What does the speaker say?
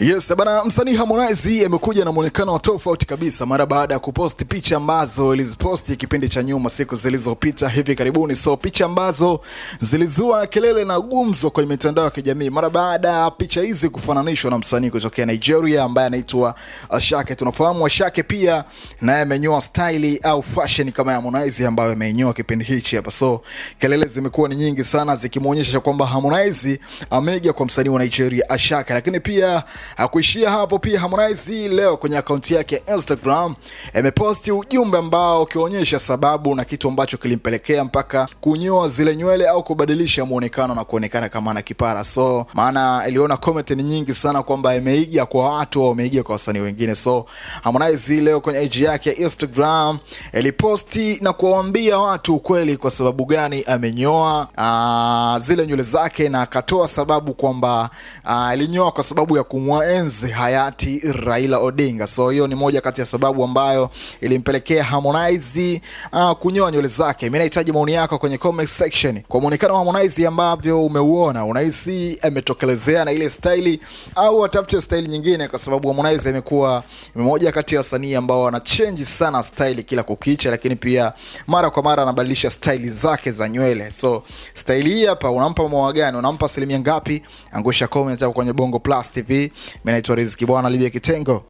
Yes, bana msanii Harmonize amekuja na mwonekano wa tofauti kabisa mara baada ya kuposti picha ambazo aliziposti kipindi cha nyuma siku zilizopita hivi karibuni. So picha ambazo zilizua kelele na gumzo kwenye mitandao ya kijamii mara baada ya picha hizi kufananishwa na msanii kutokea Nigeria ambaye anaitwa Ashake. Tunafahamu Ashake pia naye amenyoa style au fashion kama ya Harmonize ambayo ameinyoa kipindi hichi hapa. So kelele zimekuwa ni nyingi sana zikimwonyesha kwamba Harmonize ameiga kwa msanii wa Nigeria Ashake, lakini pia Hakuishia hapo, pia Harmonize leo kwenye akaunti yake ya Instagram ameposti ujumbe ambao ukionyesha sababu na kitu ambacho kilimpelekea mpaka kunyoa zile nywele au kubadilisha muonekano na kuonekana kama ana kipara. So maana iliona comment ni nyingi sana kwamba imeiga kwa watu au imeiga kwa wasanii wengine. So Harmonize leo kwenye IG yake ya Instagram aliposti na kuwaambia watu ukweli kwa sababu gani amenyoa ah, zile nywele zake na akatoa sababu kwamba ah, alinyoa kwa sababu ya kumwa kumwenzi hayati Raila Odinga. So hiyo ni moja kati ya sababu ambayo ilimpelekea Harmonize uh, kunyoa nywele zake. Mimi nahitaji maoni yako kwenye comment section. Kwa muonekano wa Harmonize ambavyo umeuona, unahisi ametokelezea na ile staili au atafute staili nyingine? Kwa sababu Harmonize imekuwa mmoja kati ya wasanii ambao wana change sana staili kila kukicha, lakini pia mara kwa mara anabadilisha staili zake za nywele. So staili hii hapa, unampa mwa gani? Unampa asilimia ngapi? Angusha comment hapo kwenye Bongo Plus TV. Mimi naitwa Riziki Bwana Libia Kitengo.